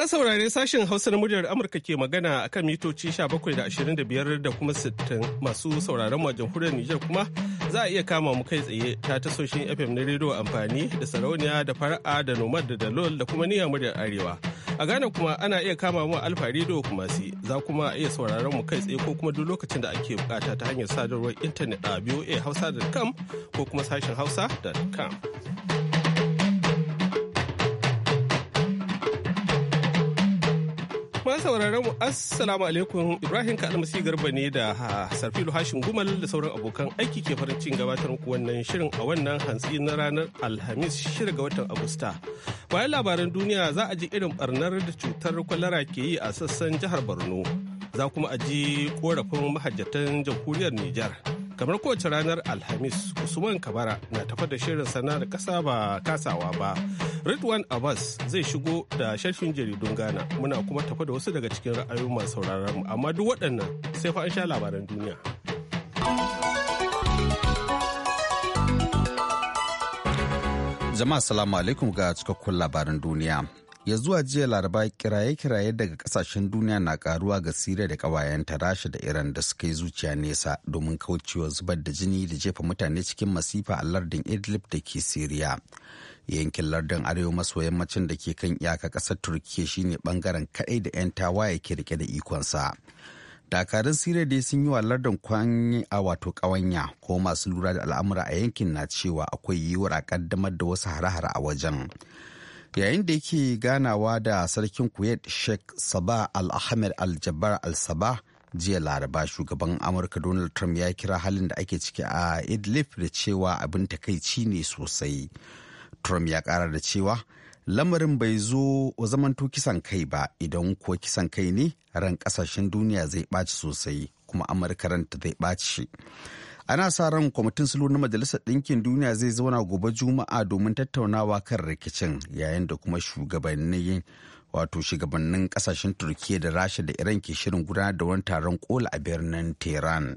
kuma saurare sashen Hausa na muryar Amurka ke magana a kan mitoci 17.25 da kuma 60 masu sauraron a jamhuriyar Nijar kuma za a iya kama mu kai tsaye ta tasoshin FM na rediyo amfani da sarauniya da fara'a da nomad da dalol da kuma niyyar muryar Arewa. A Ghana kuma ana iya kama mu alfa rediyo kuma si za kuma iya sauraron mu kai tsaye ko kuma duk lokacin da ake bukata ta hanyar sadarwar intanet a voahausa.com ko kuma sashen hausa.com. Ma sauraron mu assalamu alaikum Ibrahim Kalmasi Garba ne da Sarfilu Hashim Gumal da sauran abokan aiki ke farin cikin gabatar muku wannan shirin a wannan hantsi na ranar Alhamis shida ga watan Agusta. Bayan labaran duniya za a ji irin barnar da cutar kwalara ke yi a sassan jihar Borno. Za kuma a ji korafin mahajjatan jamhuriyar Nijar. kamar kowace ranar alhamis usman kabara na tafa da shirin sana da kasa ba kasawa ba ridwan abbas zai shigo da sharhin jaridun ghana muna kuma tafa da wasu daga cikin ra'ayoyin masu sauraron mu amma duk waɗannan sai fa an sha labaran duniya jama'a salamu alaikum ga cikakkun labaran duniya ya zuwa jiya laraba kiraye-kiraye daga kasashen duniya na karuwa ga siriya da kawayenta rasha da iran da suka yi zuciya nesa domin kaucewa zubar da jini da jefa mutane cikin masifa a lardin idlib da ke siriya yankin lardin arewa maso yammacin da ke kan iyaka kasar turkiya shine bangaren kadai da 'yan tawaye ke rike da ikonsa dakarun siriya dai sun yi wa lardin kwanyi a wato kawanya ko masu lura da al'amura a yankin na cewa akwai yiwuwar a kaddamar da wasu hare-hare a wajen yayin da yake ganawa da sarkin kuwait sheikh sabah al-ahmed al-jabbar al-sabah jiya laraba shugaban amurka donald trump ya kira halin da ake ciki a idlib da cewa abin takaici ne sosai trump ya kara da cewa lamarin bai zo zamanto kisan kai ba idan kuwa kisan kai ne ran kasashen duniya zai ɓaci sosai kuma amurka ranta zai ɓaci ana sa ran kwamitin sulhu na majalisar ɗinkin duniya zai zauna gobe juma'a domin tattaunawa kan rikicin yayin da kuma shugabannin wato shugabannin kasashen turkiya da rasha da iran ke shirin gudanar da wani taron kola a birnin tehran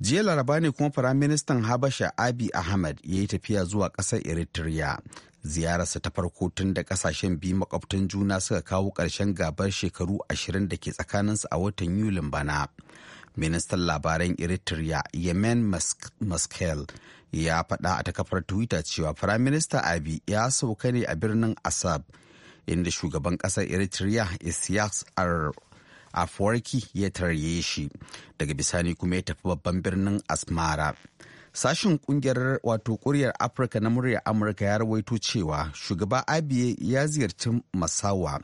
jiya laraba ne kuma firaministan habasha abi ahmad ya yi tafiya zuwa ƙasar eritrea ziyararsa ta farko tun da kasashen biyu makwabtan juna suka kawo ƙarshen gabar shekaru ashirin da ke tsakaninsu a watan yulin bana ministan labaran eritrea yemen maskel ya faɗa a takafar twitter cewa minister abi ya sauka ne a birnin asab inda shugaban ƙasar eritrea isiyas afuwarki ya tarye shi daga bisani kuma ya tafi babban birnin asmara sashen kungiyar wato kuryar Afirka na muryar Amurka ya rawaito cewa shugaba Abiye ya ziyarci Masawa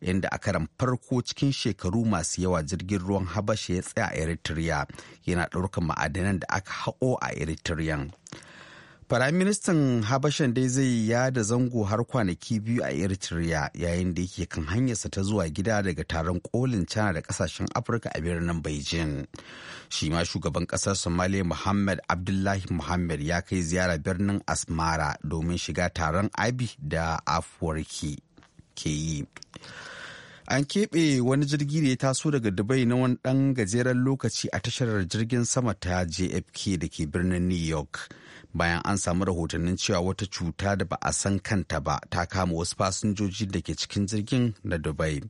inda a karan farko cikin shekaru masu yawa jirgin ruwan Habasha ya tsaya a Eritrea yana ɗaukar ma'adanan da aka haƙo a Eritrean. Firaministan Habashan dai zai ya da zango har kwanaki biyu a Eritrea yayin da yake kan hanyarsa ta zuwa gida daga taron kolin China da kasashen Afirka a birnin Beijing. Shi ma shugaban kasar Somalia Muhammad Abdullahi Muhammad ya kai ziyara birnin Asmara domin shiga taron Abi da Afwarki ke yi. an keɓe wani jirgi da ya taso daga dubai na wani ɗan gajeren lokaci a tashar jirgin sama ta jfk da ke birnin new york bayan an samu rahotannin cewa wata cuta da ba a san kanta ba ta kama wasu fasinjoji da ke cikin jirgin na dubai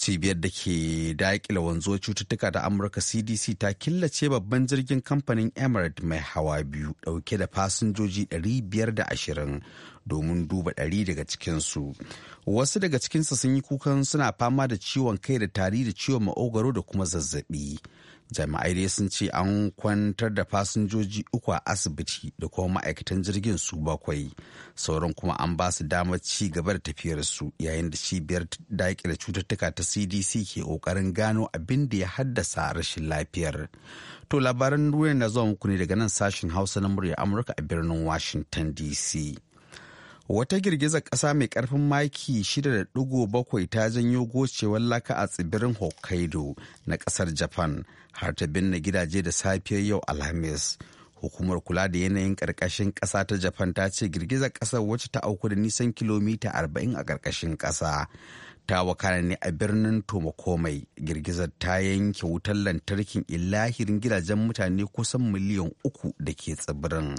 cibiyar da ke daƙila wanzuwar cututtuka da amurka cdc ta killace babban jirgin kamfanin Emirates mai hawa biyu ɗauke da fasinjoji 520 domin duba ɗari daga cikinsu wasu daga cikinsu sun yi kukan suna fama da ciwon kai da tari da ciwon maogaro da kuma zazzabi jami'ai dai sun ce an kwantar da fasinjoji uku a asibiti da kuma ma'aikatan jirgin su bakwai sauran kuma an ba su damar ci gaba da tafiyar su yayin da cibiyar daƙile cututtuka ta cdc ke ƙoƙarin gano abin da ya haddasa rashin lafiyar to labaran duniya na zuwa muku ne daga nan sashin hausa na murya amurka a birnin washington dc Wata girgizar ƙasa mai ƙarfin maki 6.7 ta janyo gocewar laka a tsibirin Hokkaido na ƙasar Japan har ta binne gidaje da safiyar yau Alhamis. Hukumar kula da yanayin ƙarƙashin ƙasa ta Japan ta ce girgizar ƙasar wacce ta auku da nisan kilomita 40 a ƙarƙashin ƙasa. Ta wakana ne a birnin Tomakomai girgizar ta yanke wutar lantarkin ilahirin gidajen mutane kusan miliyan uku da ke tsibirin.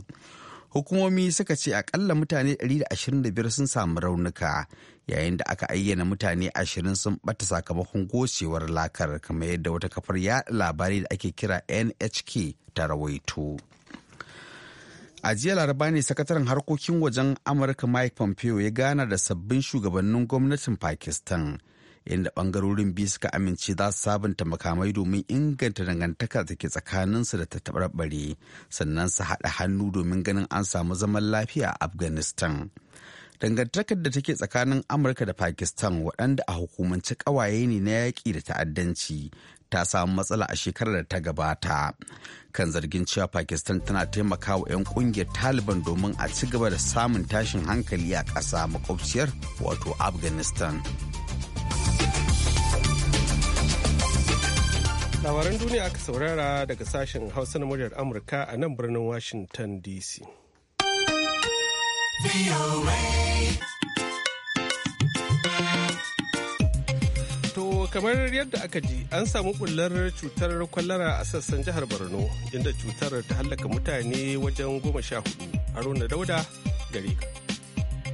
hukumomi suka ce akalla mutane 125 sun samu raunuka yayin da aka ayyana mutane 20 sun bata sakamakon gocewar lakar kamar yadda wata kafar yaɗa labarai da ake kira nhk ta rawaito a jiya laraba ne sakataren harkokin wajen amurka mike pompeo ya gana da sabbin shugabannin gwamnatin pakistan inda bangarorin biyu suka amince za su sabunta makamai domin inganta dangantaka da ke tsakaninsu da ta taɓarɓare sannan su haɗa hannu domin ganin an samu zaman lafiya a afghanistan dangantakar da take tsakanin amurka da pakistan waɗanda a hukumance ƙawaye ne na yaƙi da ta'addanci ta samu matsala a shekarar da ta gabata kan zargin cewa pakistan tana taimakawa 'yan ƙungiyar taliban domin a ci gaba da samun tashin hankali a ƙasa makwabciyar wato afghanistan labaran duniya aka saurara daga sashen hausa na muryar amurka a nan birnin washington dc to kamar yadda aka ji an samu bullar cutar kwallara a sassan jihar borno inda cutar ta hallaka mutane wajen goma sha hudu haruna dauda gari.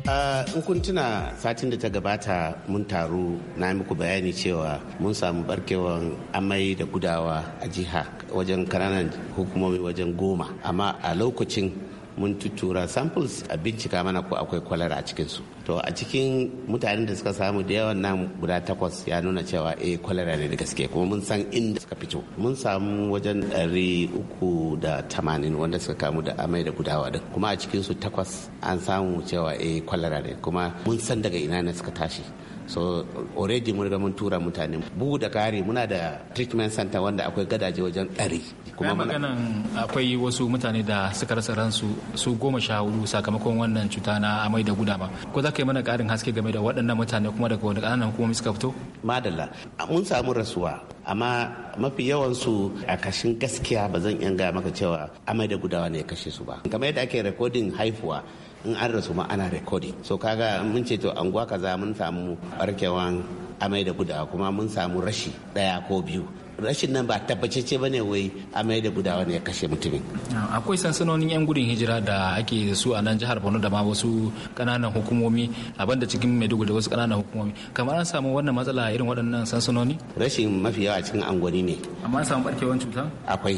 Uh, in kun tuna satin da ta gabata mun taru na muku bayani cewa mun samu barkewan amai da gudawa a jiha wajen kananan hukumomi wajen goma amma a lokacin mun tutura samples a bincika mana ko akwai kwalara a cikinsu to a cikin mutanen da suka samu da yawan nan guda takwas ya nuna cewa eh kwalara ne da gaske kuma mun san inda suka fito mun samu wajen ɗari uku da tamanin wanda suka kamu da amai da gudawa da kuma a cikinsu takwas an samu cewa eh kwalara ne kuma mun san daga ina ne suka tashi so already mun riga mun tura mutane bugu da kare muna da treatment center wanda akwai gadaje wajen ɗari kuma maganan akwai wasu mutane da suka rasa ransu su goma sha hudu sakamakon wannan cuta na amai da gudama ko za ka yi mana ƙarin haske game da waɗannan mutane kuma daga wani ƙananan hukumomi suka fito madalla mun samu rasuwa amma mafi yawansu a kashin gaskiya ba zan iya maka cewa amai da gudawa ne ya kashe su ba kamar yadda ake rikodin haifuwa in an rasu ma ana recording so kaga mun ce to anguwa kaza mun samu barkewan amai da gudawa kuma mun samu rashi daya ko biyu rashin nan ba tabbacece ba ne wai amai da gudawa ne ya kashe mutumin. akwai sansanonin 'yan gudun hijira da ake su a nan jihar borno da ma wasu kananan hukumomi abin da cikin maiduguri da wasu kananan hukumomi kamar an samu wannan matsala irin waɗannan sansanoni. rashin mafi yawa cikin angwani ne. amma an samu barkewan cuta. akwai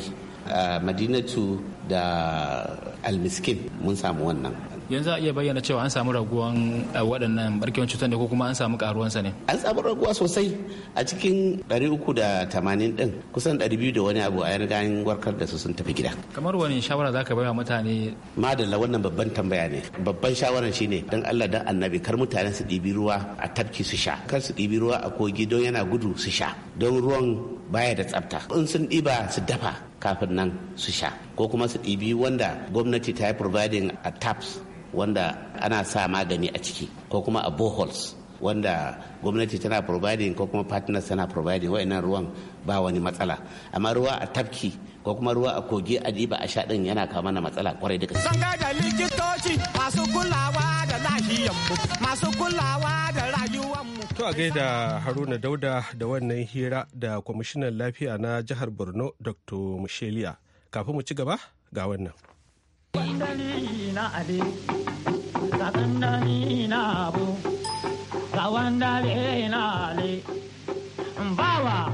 ah, madinatu da almiskin mun samu wannan yanzu a iya bayyana cewa an samu raguwan eh, waɗannan barkewan cutar ne ko kuma an samu karuwan sa ne an samu raguwa sosai a cikin 380 din kusan 200 da wani abu a yan warkar da su sun tafi gida kamar wani shawara zaka wa mutane madalla wannan babban tambaya ne babban shawara shine dan Allah dan annabi kar mutane su ɗibi ruwa a tafki su sha kar su ɗibi ruwa a kogi don yana gudu su sha don ruwan baya da tsafta in sun ɗiba su dafa kafin nan su sha ko kuma su ɗibi wanda gwamnati ta yi providing a taps wanda ana sa magani a ciki ko kuma a boreholes wanda gwamnati tana providing ko kuma partners tana providing wa'annan ruwan ba wani matsala amma ruwa a tafki ko kuma ruwa a kogi a diba a sha din yana kawo mana matsala kwarai da gaske da likitoci masu kulawa da mu masu kulawa da mu. to a gaida Haruna Dauda da wannan hira da kwamishinan lafiya na jihar Borno Dr. Musheliya kafin mu ci gaba ga wannan Wandali na ade, ga gandami abu, ale, bawa,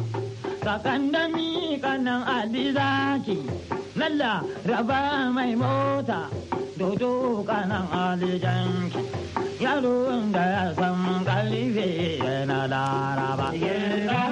ga kanan ali zaki, lalla raba mai mota, dodo kanan ali ki? Yaro da ya san kalife yana laraba. Yeah.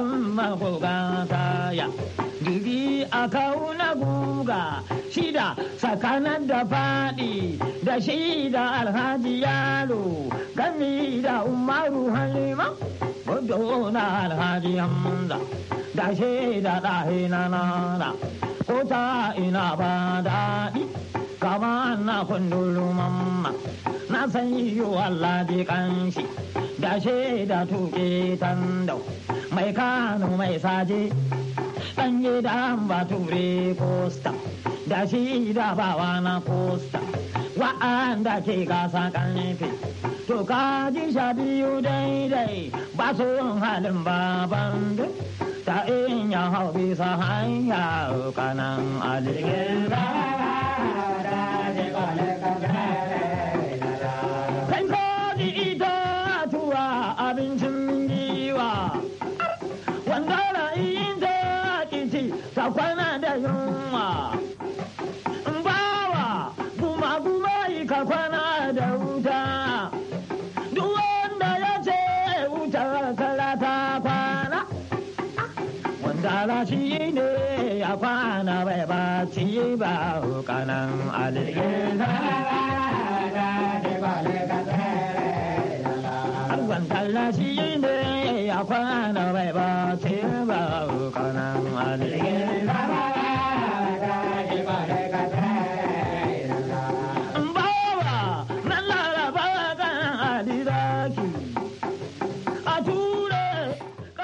kan gata ya? jibi a kauna guga shida tsakanin da faɗi da shida alhaji yaro gami da umaru halima gudu na alhaji hamza da shida ɗahe na nana ko ta ina ba daɗi kama na kundulu mamma na san yi wallabi kanshi da she da tuke tandau mai kanu mai saje yi da ba ture kosta da shi da bawa na kosta wa'anda ke gasa kanfe to ka ji sha biyu daidai ba su halin baban duk ta in ya hau bisa hanya kanan alikin ba da ji abincin giwa wanda ra'ayin ta kici ta kwana da yunwa bawa kuma kuma yi ka kwana da wuta duk wanda ya ce wuta kala ta kwana wanda rashi ne ya kwana bai ba ci ba kanan alilgin Allah shi ne ya kwana bai ba ba kanan a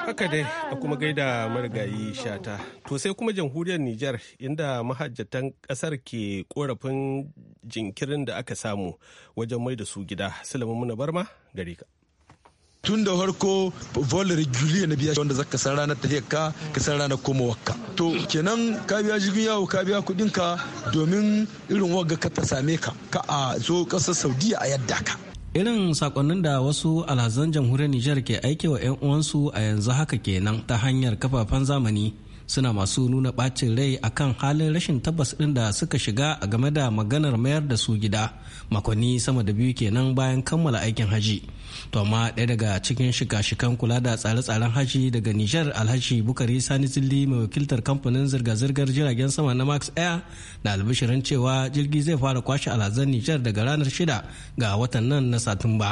Haka dai a kuma gaida marigayi shata. To sai kuma jamhuriyar Nijar inda mahajjatan kasar ke korafin jinkirin da aka samu wajen mai da su gida. Sulaiman Muna Barma gari ka. tun da farko volar juliya na biya wanda zaka san ranar tafiyar ka ka san ranar koma ka to kenan ka biya jirgin yawo ka biya kudin ka domin irin wagga ka ta same ka ka a zo kasar saudiya a yadda ka irin sakonnin da wasu alhazan jamhuriyar nijar ke aikewa 'yan uwansu a yanzu haka kenan ta hanyar kafafen zamani suna masu nuna bacin rai akan halin rashin tabbas ɗin da suka shiga a game da maganar mayar da su gida makonni sama da biyu kenan bayan kammala aikin haji to amma ɗaya daga cikin shika-shikan kula da tsare-tsaren haji daga nijar alhaji bukari sani zilli mai wakiltar kamfanin zirga-zirgar jiragen sama na max air da albishirin cewa jirgi zai fara kwashe alhazan nijar daga ranar shida ga watan nan na satumba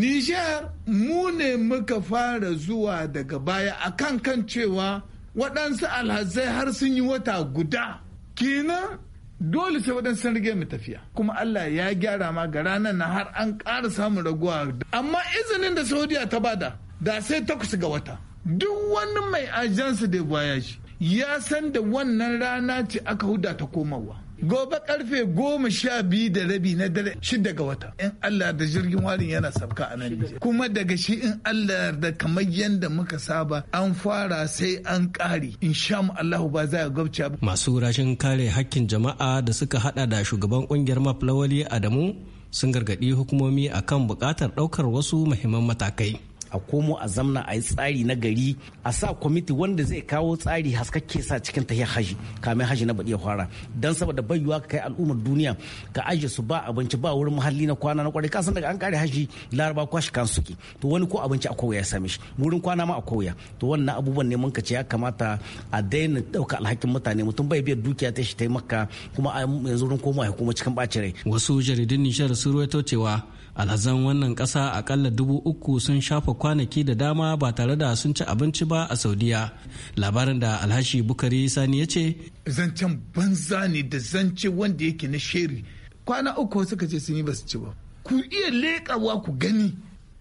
nijar mu ne muka fara zuwa daga baya akan kan cewa waɗansu alhazai har sun yi wata guda kenan dole sai waɗansu sun rige mu tafiya kuma Allah ya gyara ma ga ranar na har an ƙara samun raguwa amma izinin da saudiya ta bada da sai takwas ga wata duk wani mai ajansa da voyage ya san da wannan rana ce aka huda ta komawa gobe karfe goma sha biyu da rabi na dare shida ga wata in Allah da jirgin warin yana sabka a nan kuma daga shi in Allah da kamar yadda muka saba an fara sai an kare in sha mu Allahu ba za a gabce ba masu rashin kare hakkin jama'a da suka hada da shugaban kungiyar maflawali Adamu sun gargaɗi hukumomi akan bukatar ɗaukar wasu muhimman matakai a komo a zamna a yi tsari na gari a sa kwamiti wanda zai kawo tsari haskakke sa cikin tahiyar haji kamin haji na baɗi ya fara don saboda bayuwa ka kai al'ummar duniya ka aje su ba abinci ba wurin muhalli na kwana na kwarai ka san daga an kare haji laraba kwashi kan suke to wani ko abinci a koya ya same shi wurin kwana ma a koya to wannan abubuwan ne mun ka ce ya kamata a daina ɗauka alhakin mutane mutum bai biyar dukiya ta shi ta yi maka kuma yanzu wurin koma ya kuma cikin ɓacin rai wasu jaridun nishar sun ruwaito cewa alhazan wannan ƙasa akalla dubu uku sun shafa kwanaki da dama ba tare da sun ci abinci ba a saudiya labarin da alhashi bukari sani ya ce zancen banza ne da zance wanda yake na sheri kwana uku suka ce sun yi ba su ci ba ku iya leƙawa ku gani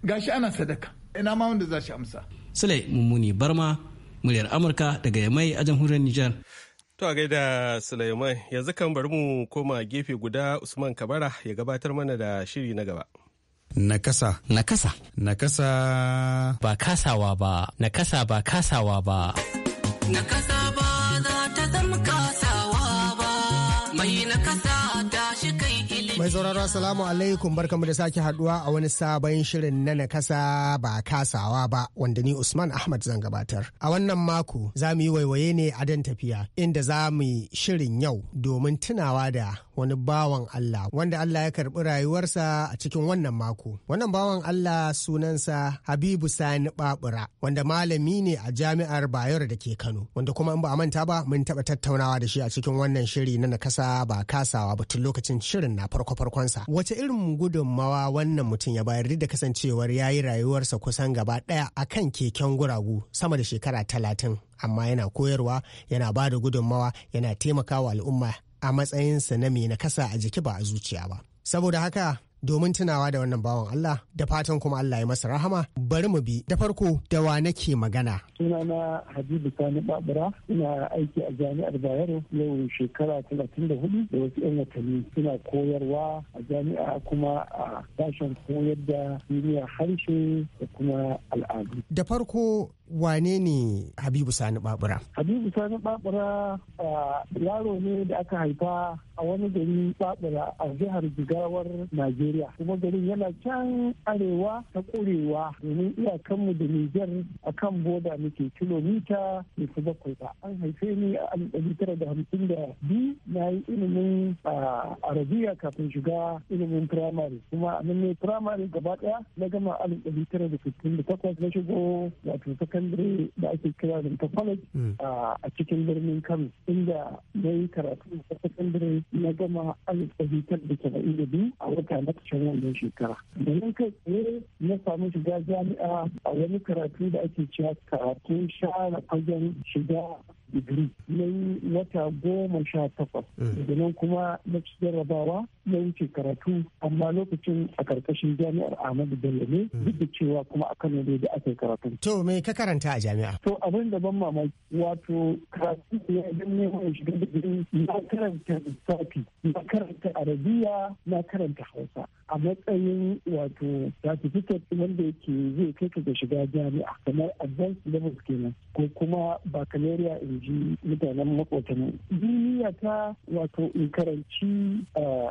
gashi ana sadaka ina ma wanda za shi amsa sule mummuni barma muryar amurka daga yamai a jamhuriyar nijar To a gaida Sulaiman yanzu kan bari mu koma gefe guda Usman Kabara ya gabatar mana da shiri na gaba. Nakasa. Nakasa. Nakasa. Ba kasawa ba. Nakasa ba kasawa ba. Nakasa ba za ta zama kasawa ba. Mai nakasa da shi kai ilimi. Mai sauraro Assalamu alaikum bar da sake haduwa a wani sabon shirin na nakasa ba kasawa ba wanda ni Usman Ahmad zan gabatar. A wannan mako za mu yi waiwaye ne a dan tafiya inda za mu yi shirin yau domin tunawa da wani bawan Allah wanda Allah ya karɓi rayuwarsa a cikin wannan mako. Wannan bawan Allah sunansa Habibu Sani Babura wanda malami ne a jami'ar Bayero da ke Kano wanda kuma in ba a manta ba mun taɓa tattaunawa da shi a cikin wannan shiri na nakasa ba kasawa ba tun lokacin shirin na farko farkonsa. Wace irin gudunmawa wannan mutum ya bayar da kasancewar yayi rayuwarsa kusan gaba ɗaya kan keken guragu sama da shekara talatin. amma yana koyarwa yana ba da gudunmawa yana taimakawa al'umma a matsayinsa na mai nakasa a jiki ba a zuciya ba saboda haka domin tunawa da wannan bawan Allah da fatan kuma Allah ya masa rahama bari mu bi da farko da wa nake magana sunana Habibu Sani Babura ina aiki a jami'ar Bayero yau shekara talatin da hudu da wasu yan watanni suna koyarwa a jami'a kuma a sashen koyar da duniya harshe da kuma al'adu da farko wane ne Habibu Sani Babura? Habibu Sani Babura yaro ne da aka haifa a wani gari Babura a jihar Jigawar Najeriya. Kuma garin yana can arewa ta kurewa domin iyakanmu da Nijar a kan boda muke kilomita da su bakwai ba. An haife ni a alif ɗari tara da hamsin da biyu na yi ilimin arabiya kafin shiga ilimin firamare. Kuma a nan ne firamare gaba ɗaya na gama a ɗari tara da fitin da takwas na shigo wato secondary da ake kira da college hmm. a cikin birnin kano inda na yi karatu a secondary na gama alif ɗabitar da saba'in da biyu a wata na ƙarshen wannan shekara da nan kai tsaye na samu shiga jami'a a wani karatu da ake cewa karatun share fagen shiga digiri na yi wata goma sha takwas eh. da nan kuma na ci jarrabawa na wuce karatu amma lokacin a karkashin jami'ar ahmadu bello ne eh. duk da cewa kuma a kano ne da aka yi karatu. to me ka karanta a jami'a. to abin da ban mamaki wato karatu ya yi ne wani shiga digiri na karanta lissafi na karanta arabiya na karanta hausa a matsayin wato certificate wanda yake zai kai ka ga shiga jami'a kamar advanced levels kenan ko kuma baccalaureate in ji mutanen makotan duniya ta wato in karanci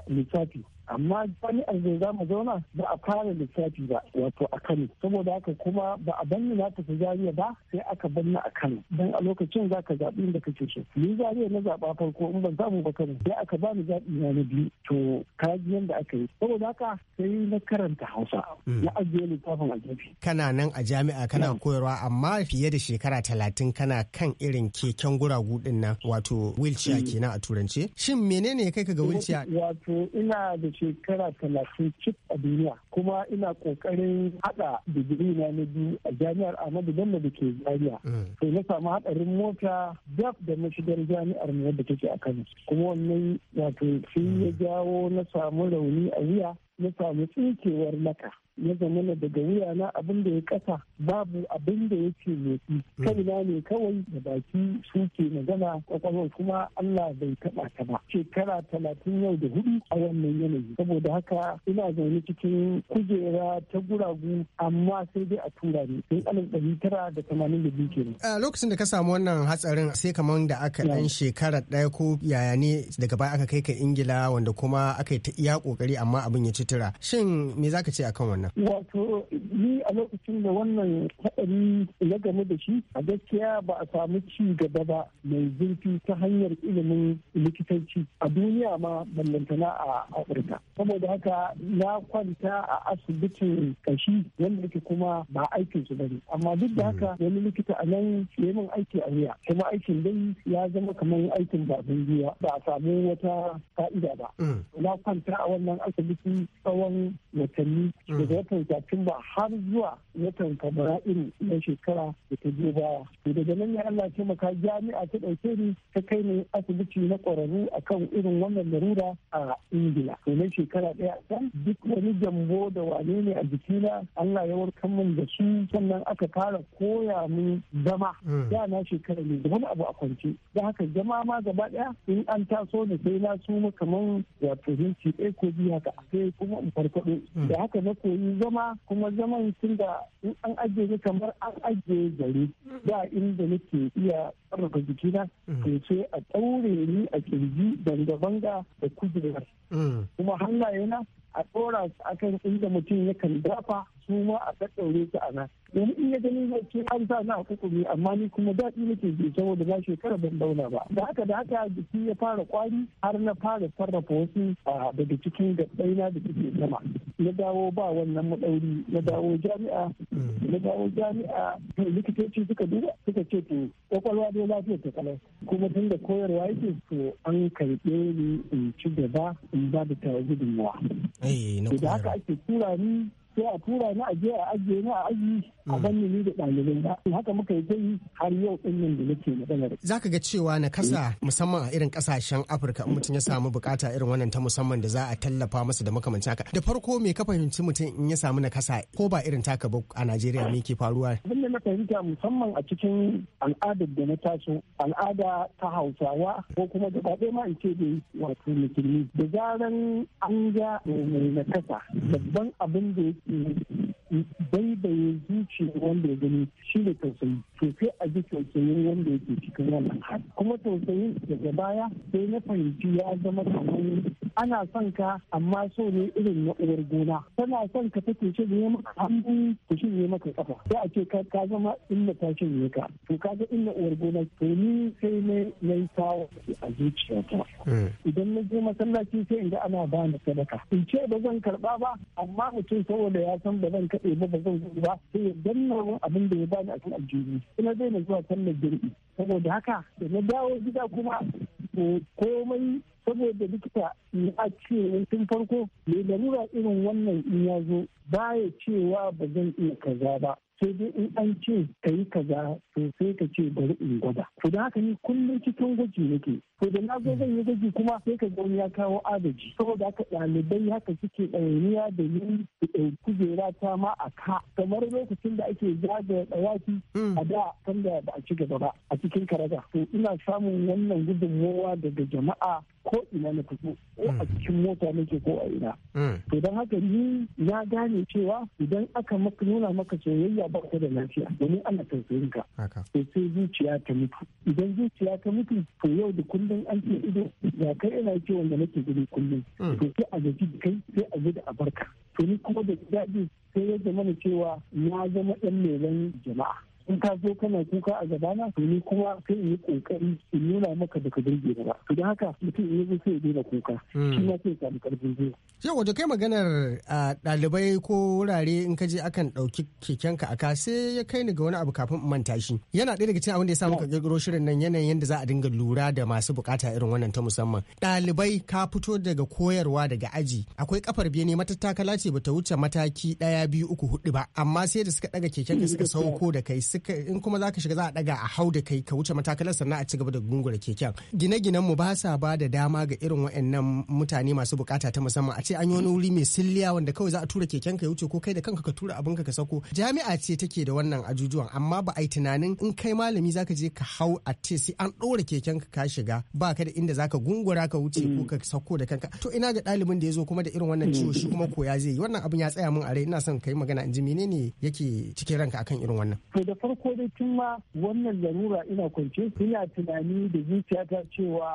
lissafi amma jami'ar da za mu zauna ba a fara lissafi ba wato a kano saboda haka kuma ba a banni na tafi zariya ba sai aka banni a kano dan a lokacin za ka zaɓi inda kake so ni zariya na zaɓa farko in ban samu ba kano sai aka bani zaɓi na na biyu to kaji yanda yadda aka yi saboda haka sai na karanta hausa hmm. na ajiye littafin a jami'a kana nan a jami'a kana koyarwa amma fiye da shekara talatin kana kan irin keke can guragu din nan wato wheelchair mm. kenan a turance shin menene ya kai ka ga wheelchair wato ina da shekara talatin cik a duniya kuma ina kokarin hada digiri na na biyu a jami'ar Ahmadu Bello da ke Zariya. Mm. to na samu hadarin mota daf da mashigar jami'ar mu ta take a Kano kuma wannan wato sai ya mm. jawo na samu rauni a wuya ya samu tsinkewar laka ya zama daga wuya na abin da ya kasa babu abin da ya ce motsi mm. na ne kawai da baki suke magana kwakwalwar kuma Allah bai taba ta ba shekara talatin yau da hudu a wannan yanayi saboda haka ina zaune cikin kujera ta guragu amma sai dai a tura ne sai alif ɗari tara da tamanin da biyu kenan. a lokacin da ka samu wannan hatsarin sai kamar da aka ɗan shekara ɗaya ko yaya ne daga baya aka kai ka ingila wanda kuma aka yi ta iya kokari amma abin ya ci sutura shin me za ka ce akan wannan wato ni a lokacin da wannan haɗari ya game da shi a gaskiya ba a samu ci gaba ba mai zurfi ta hanyar ilimin likitanci a duniya ma ballantana a afirka saboda haka na kwanta a asibitin kashi wanda yake kuma ba aikin su bane amma duk da haka hmm. wani likita a nan ya min aiki a wuya kuma aikin dai ya zama kamar aikin baban ba a samu wata fa'ida ba hmm. na kwanta a wannan asibiti tsawon watanni mm. daga watan satumba har zuwa watan fabrairu na shekara da ta je baya to daga nan ya Allah maka jami'a ta ɗauke ni ta kai ni asibiti na ƙwararru akan irin wannan larura a ingila to na shekara ɗaya can duk wani jambo da wane ne a jikina Allah ya warkar min da su sannan aka fara koya min zama mm. da na shekara ne da abu a kwance da haka zama ma gaba ɗaya in an taso ne sai na suma kamar wato hinci ɗaya ko biyu haka kuma in farfaɗo hmm. da haka na koyi zama kuma zaman tun da in an ajiye kamar an ajiye gari da hmm. inda nake iya ƙarfafa jikina hmm. to ce a ɗaure ni a kirji banga-banga da kujerar kuma hannayena a tsora a akan inda mutum yakan dafa su ma a tattaure su a nan domin in ya gani zai ce an sa na kukuri amma ni kuma daɗi nake ji saboda ba shekara ban dauna ba da haka da haka jiki ya fara kwari har na fara sarrafa wasu daga cikin gaɓɓaina da suke sama na dawo ba wannan maɗauri na dawo jami'a na dawo jami'a likitoci suka duba suka ce to kwakwalwa dai lafiya ta kalai kuma tun da koyarwa yake to an karɓe ni in ci gaba in ba da tawa gudunmawa Eh, da haka ake tura ni sai a tura ni a je a ajiye ni a aji a ganni mm. ni da ɗalibai na haka muka yi yi har yau din nan da nake Za zaka ga cewa na kasa musamman a irin kasashen Afirka in mutum ya samu bukata irin wannan ta musamman da za a tallafa masa da makamancin haka da farko me ka fahimci mutum in ya samu na kasa ko ba irin taka ba a Najeriya me ke faruwa abin da na fahimta musamman a cikin al'adar da na taso al'ada ta Hausawa ko kuma gaba ɗaya ma in ce dai wato musulmi da zaran an ga mai na kasa babban abin da Mm-hmm. baibaye zuciyar wanda ya gani shi ne tausayi to sai a ji tausayin wanda yake cikin wannan hali kuma tausayin daga baya sai na fahimci ya zama kamar ana son ka amma so ne irin na uwar gona tana son ka take shirye maka hannu ta shirye maka kafa sai a ce ka zama na tashi shirye ka to ka ga inda uwar gona to ni sai ne na yi sawa a zuciyata hmm. idan na je masallaci sai in ga ana bani sadaka in ce ba zan karba ba amma mutum saboda ya san ba zan daɗe ba ba zan ba sai ya danna abin da ya bani a kan aljihu ina zai na zuwa sallar girbi saboda haka da na dawo gida kuma to komai saboda likita a ce tun farko mai larura irin wannan in ya zo baya cewa ba zan iya kaza ba sai dai in an ce ka yi kaza to sai ka ce bari in gwada to da haka ni kullum cikin gwaji nake to da na zo zan yi gwaji kuma sai ka ga ya kawo agaji saboda haka ɗalibai haka suke ɗayaniya da ni kujera ta ma a ka kamar lokacin da ake zagaya ɗawaki hmm. a da kan da ba a ci gaba ba a cikin karaga to ina samun wannan gudunmowa daga jama'a ko ina na fito ko a hmm. cikin mota nake ko a ina hmm. to don haka ni ya gane cewa idan aka maka nuna maka soyayya ba ta da lafiya domin ana tausayin ka to sai zuciya ta mutu idan zuciya ta mutu to yau da kullum an ce ido ya kai ina ce wanda nake gudu kullum hmm. to sai a gaji kai sai a gudu a barka to ni kuma da daɗi sai ya zama cewa na zama ɗan lelan jama'a in ka zo kana kuka a gaba to ni kuma sai in yi kokari in nuna maka da ka burge ba to don haka mutum in yi sai ya daina kuka hmm. shi ma sai ya samu karfin jiya yau wajen kai maganar ɗalibai ko wurare in ka je akan ɗauki kekenka a kase ya kai ni ga wani abu kafin in manta shi yana ɗaya daga cikin abin da ya samu ka ƙirƙiro shirin nan yanayin yadda za a dinga lura da masu bukata irin wannan ta musamman ɗalibai ka fito daga koyarwa daga aji akwai kafar biyu ne matattakala ce bata wuce mataki ɗaya biyu uku hudu ba amma sai da suka ɗaga kekenka suka sauko da kai suka in kuma za ka shiga za a daga a hau da kai ka wuce matakalar sannan a ci gaba da gungura keken gine-ginen mu ba sa ba da dama ga irin waɗannan mutane masu bukata ta musamman a ce an yi wani wuri mai silliya wanda kawai za a tura keken ka ya wuce ko kai da kanka ka tura abin ka ka sako jami'a ce take da wannan ajujuwan amma ba a yi tunanin in kai malami za ka je ka hau a ce sai an ɗora keken ka ka shiga ba ka da inda za ka gungura ka wuce ko ka sako da kanka to ina ga ɗalibin da ya zo kuma da irin wannan ciwo shi kuma koya zai yi wannan abin ya tsaya min a rai ina son kai magana in ji menene yake cikin ranka akan irin wannan to da farko dai tun ma wannan larura ina kwance ina tunani da zuciya ta cewa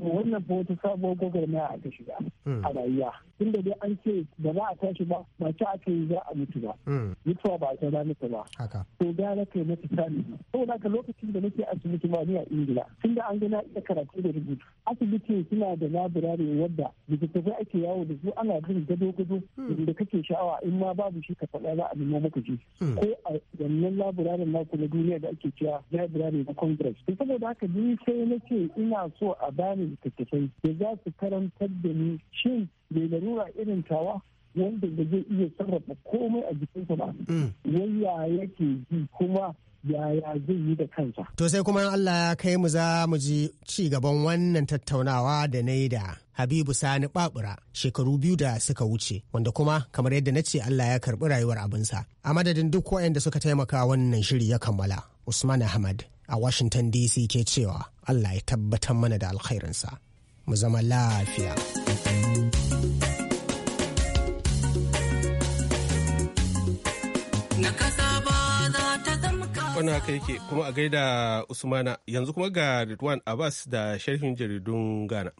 wannan fa wata sabuwar gwagwarmaya ta shiga hmm. a rayuwa tunda dai an ce ba za a tashi ba ba ta aka yi za a mutu ba hmm. mutuwa ba ta ta ba to gara kai na tsani saboda ka lokacin da nake asibiti ba ni a ingila tunda an gana iya karatu da rubutu asibiti suna da labirari wadda littattafai ake yawo da su ana bin gado-gado hmm. da kake sha'awa in ma babu shi ka faɗa za a nemo maka ji. ko a wannan labirarin taron naku na duniya da ake cewa library na congress to saboda haka ni sai na ce ina so a bani littattafai da za su karantar da ni shin mai larura irin tawa wanda da zai iya sarrafa komai a jikinsa ba mm. wai ya yake ji kuma yaya zai yi da kansa. To sai kuma Allah ya kai mu za mu ji ci gaban wannan tattaunawa da na yi da Habibu Sani Babura shekaru biyu da suka wuce wanda kuma kamar yadda na ce Allah ya karbi rayuwar abinsa. A madadin duk waɗanda suka taimaka wannan shiri ya kammala Usman Ahmad a Washington DC ke cewa Allah ya tabbatar mana da alkhairinsa. Mu zama lafiya. kwana haka yake kuma a gaida usmana yanzu kuma ga ridwan abbas da sharhin jaridun ghana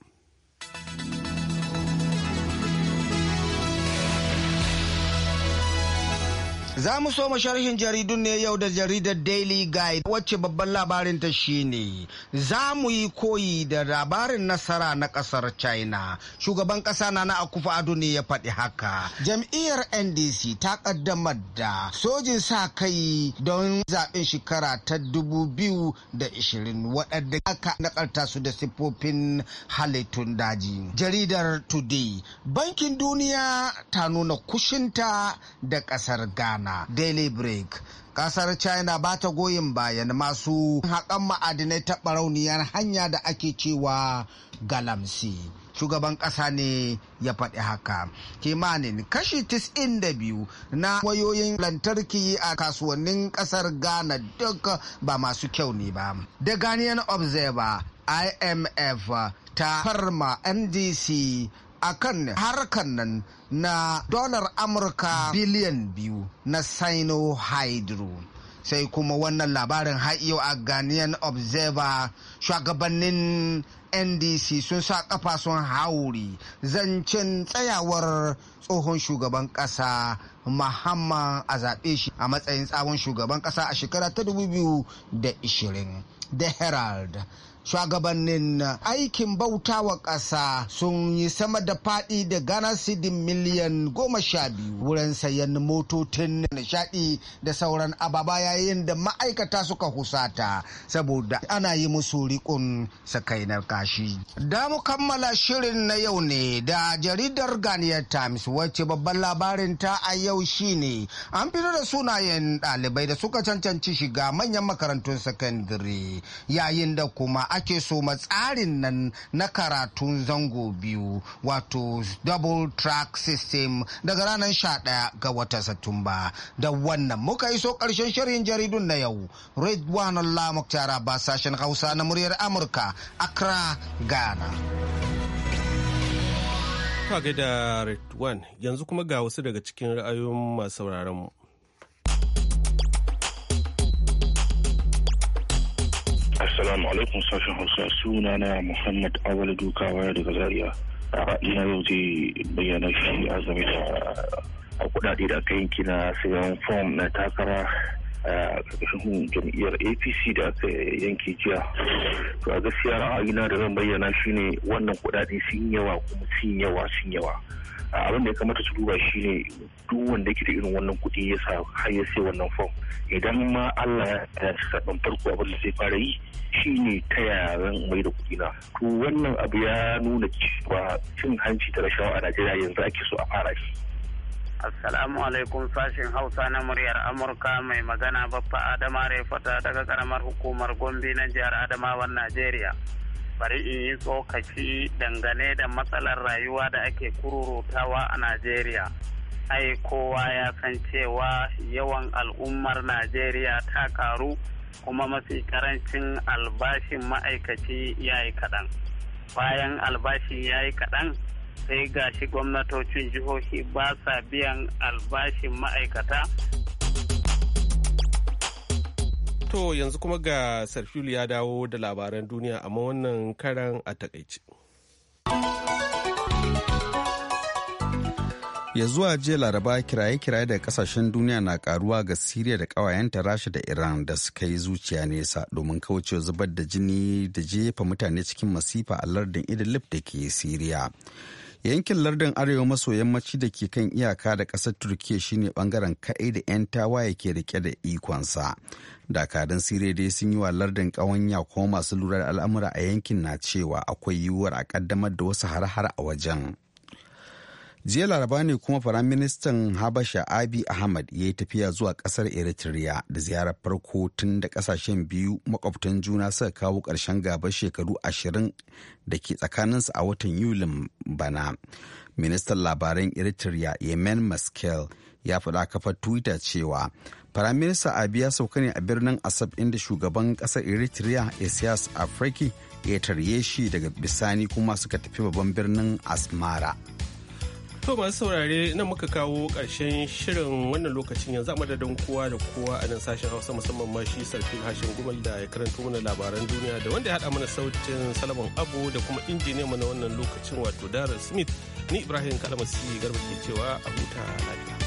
Za mu so sharhin jaridun ne yau da jaridar Daily Guide wacce babban labarin ta shine za mu yi koyi da labarin nasara na kasar China. Shugaban kasa na na akufa ado ne ya faɗi haka. Jam'iyyar NDC ta ƙaddamar da sojin sa kai don zaɓen shekara ta dubu biyu da ishirin waɗanda aka nakalta su da siffofin halittun daji. Jaridar Today, Bankin Duniya ta nuna kushinta da ƙasar Ghana. na daily break kasar china ba ta goyin bayan masu haƙan ma'adinai ta barauniyar hanya da ake cewa galamsi shugaban ƙasa ne ya faɗi haka kimanin kashi 92 na wayoyin lantarki a kasuwannin ƙasar ghana duk ba masu kyau ne ba the ghanaian observer imf ta farma ndc a akan harkar nan na dolar amurka biliyan biyu na sino hydro sai kuma wannan labarin yau a ghanaian observer shugabannin ndc sun sa kafa sun hauri zancen tsayawar tsohon shugaban kasa muhammad a zaɓe shi a matsayin tsawon shugaban kasa a shekara ta 2020 da herald shugabannin aikin bautawa ƙasa sun yi sama da faɗi da gana sidin miliyan goma sha biyu wurin sayan motocin nishaɗi da sauran ababa yayin da ma'aikata suka husata saboda ana yi musu riƙon sakainar kashi. Da mu kammala shirin na yau ne da jaridar Ghanaian Times wacce babban labarin ta a yau shine an fito da sunayen ɗalibai da suka cancanci shiga manyan makarantun sakandare yayin da kuma ake so ma tsarin nan na karatun zango biyu wato double track system daga ranar sha ɗaya ga wata satumba da wannan muka iso ƙarshen shirin jaridun na yau red one lamuk tara ba sashen hausa na muryar amurka accra ghana Ka gaida one yanzu kuma ga wasu daga cikin ra'ayoyin masu sauraron mu. Assalamu alaikum sashen Hausa suna na Muhammad Awal waya daga Zaria. na yau zai bayyana shi a game da a kuɗaɗe da aka yanki na sayan fom na takara a ƙarƙashin jam'iyyar APC da aka yanki jiya. To a gaskiya ra'ayina da zan bayyana shi ne wannan kuɗaɗe sun yawa kuma sun yawa sun yawa. abin da ya kamata su duba shi ne duk wanda yake da irin wannan kuɗi ya sa har ya sai wannan fom idan ma Allah ya sa farko abin da zai fara yi shi ne ta yaran mai da kuɗi na to wannan abu ya nuna cewa cin hanci da rashawa a Najeriya yanzu ake so a fara shi. Assalamu alaikum sashen Hausa na muryar Amurka mai magana Baffa Adama Refata daga karamar hukumar Gombe na jihar Adamawan Najeriya. bari in yi tsokaci dangane da matsalar rayuwa da ake kururutawa a najeriya ai kowa ya san cewa yawan al'ummar najeriya ta karu kuma mafi karancin albashin ma'aikaci ya yi kaɗan bayan albashi ya yi kaɗan sai gashi gwamnatocin jihohi ba sa biyan albashin ma'aikata To yanzu kuma ga Sarfilu ya dawo da labaran duniya amma wannan karan a takaice. ya zuwa jiya laraba kiraye-kiraye daga kasashen duniya na karuwa ga siriya da kawayenta rasha da iran da suka yi zuciya nesa domin kaucewa zubar da jini da jefa mutane cikin masifa a lardin idlib da ke siriya yankin lardin arewa maso yammaci da ke kan iyaka da ƙasar turkiya shine bangaren kaɗai da 'yan tawaye ke rike da ikonsa dakarun siriya dai sun yi wa lardin ƙawanya kuma masu lura da al'amura a yankin na cewa akwai yiwuwar a ƙaddamar da wasu har-har a wajen jiya laraba ne kuma firaministan habasha abi ahmad ya yi tafiya zuwa kasar eritrea da ziyarar farko tun da kasashen biyu makwabtan juna suka kawo ƙarshen gaba shekaru ashirin da ke tsakaninsu a watan yulin bana ministan labaran eritrea yemen maskel ya faɗa kafar twitter cewa firaminista abi ya sauka ne a birnin asab inda shugaban ƙasar eritrea isias afriki ya tarye shi daga bisani kuma suka tafi babban birnin asmara To masu saurare nan muka kawo ƙarshen shirin wannan lokacin yanzu madadin kowa da kowa a nan sashen Hausa musamman ma shi sarfin Hashin Gumal da ya karanto mana labaran duniya da wanda ya haɗa mana sautin Salaman Abu da kuma injiniya mana wannan lokacin wato Darren Smith ni Ibrahim Kalamasi Garba ke cewa a huta lafiya.